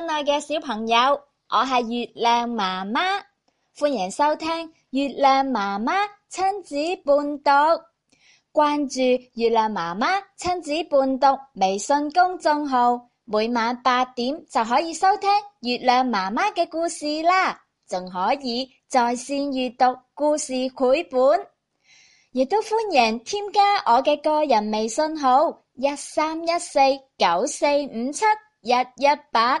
親愛嘅小朋友，我係月亮媽媽，歡迎收聽月亮媽媽親子伴讀。關注月亮媽媽親子伴讀微信公眾號，每晚八點就可以收聽月亮媽媽嘅故事啦，仲可以在綫閱讀故事繪本，亦都歡迎添加我嘅個人微信號一三一四九四五七一一八。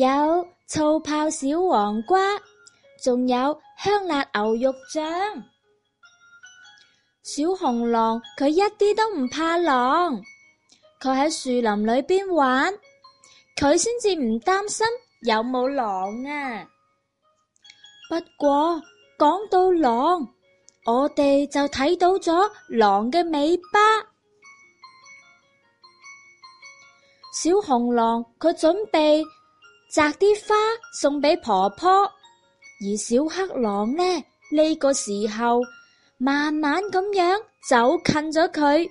有醋泡小黃瓜，仲有香辣牛肉醬。小紅狼佢一啲都唔怕狼，佢喺樹林裏邊玩，佢先至唔擔心有冇狼啊。不過講到狼，我哋就睇到咗狼嘅尾巴。小紅狼佢準備。摘啲花送俾婆婆，而小黑狼呢？呢個時候慢慢咁樣走近咗佢，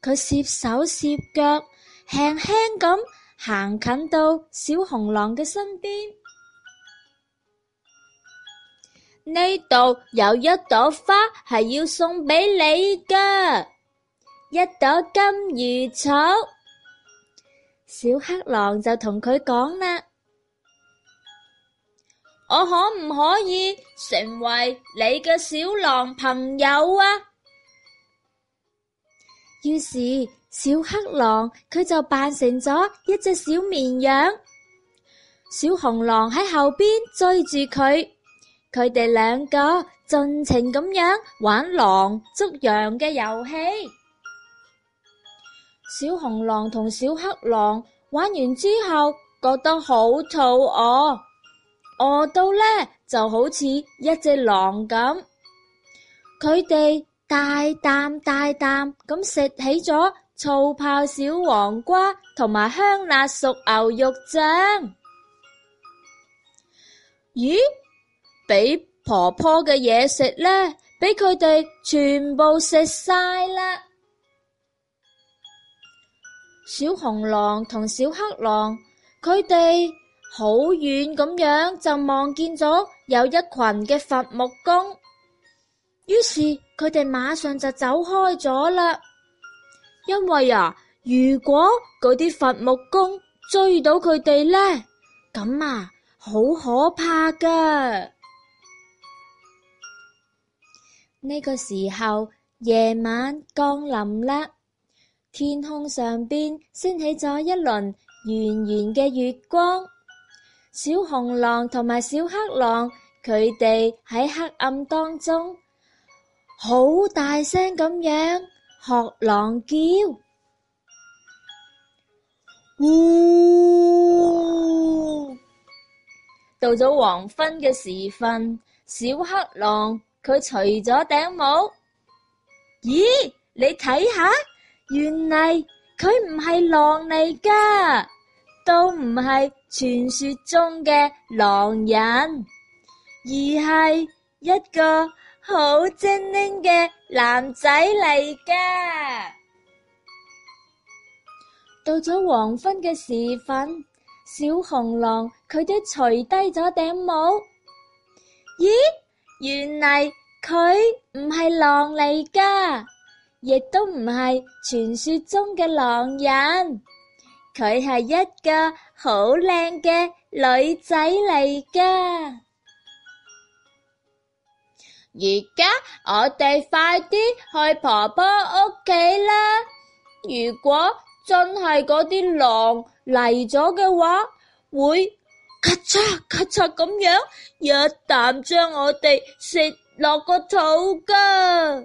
佢攝手攝腳，輕輕咁行近到小紅狼嘅身邊。呢度有一朵花係要送俾你噶，一朵金魚草。小黑狼就同佢講啦：我可唔可以成為你嘅小狼朋友啊？於是小黑狼佢就扮成咗一隻小綿羊，小紅狼喺後邊追住佢，佢哋兩個盡情咁樣玩狼捉羊嘅遊戲。小紅狼同小黑狼玩完之後，覺得好肚餓，餓到呢就好似一隻狼咁。佢哋大啖大啖咁食起咗醋泡小黃瓜同埋香辣熟牛肉醬。咦？俾婆婆嘅嘢食呢？俾佢哋全部食晒啦。小紅狼同小黑狼，佢哋好遠咁樣就望見咗有一群嘅伐木工，於是佢哋馬上就走開咗啦。因為呀，如果嗰啲伐木工追到佢哋呢，咁啊好可怕噶。呢個時候夜晚降臨啦。天空上邊升起咗一輪圓圓嘅月光，小紅狼同埋小黑狼，佢哋喺黑暗當中好大聲咁樣學狼叫嗚。到咗黃昏嘅時分，小黑狼佢除咗頂帽，咦，你睇下！原嚟佢唔係狼嚟噶，都唔係傳說中嘅狼人，而係一個好精靈嘅男仔嚟噶。到咗黃昏嘅時分，小紅狼佢都除低咗頂帽。咦？原嚟佢唔係狼嚟噶。亦都唔係傳說中嘅狼人，佢係一個好靚嘅女仔嚟噶。而家我哋快啲去婆婆屋企啦。如果真係嗰啲狼嚟咗嘅話，會咔嚓咔嚓咁樣一啖將我哋食落個肚噶。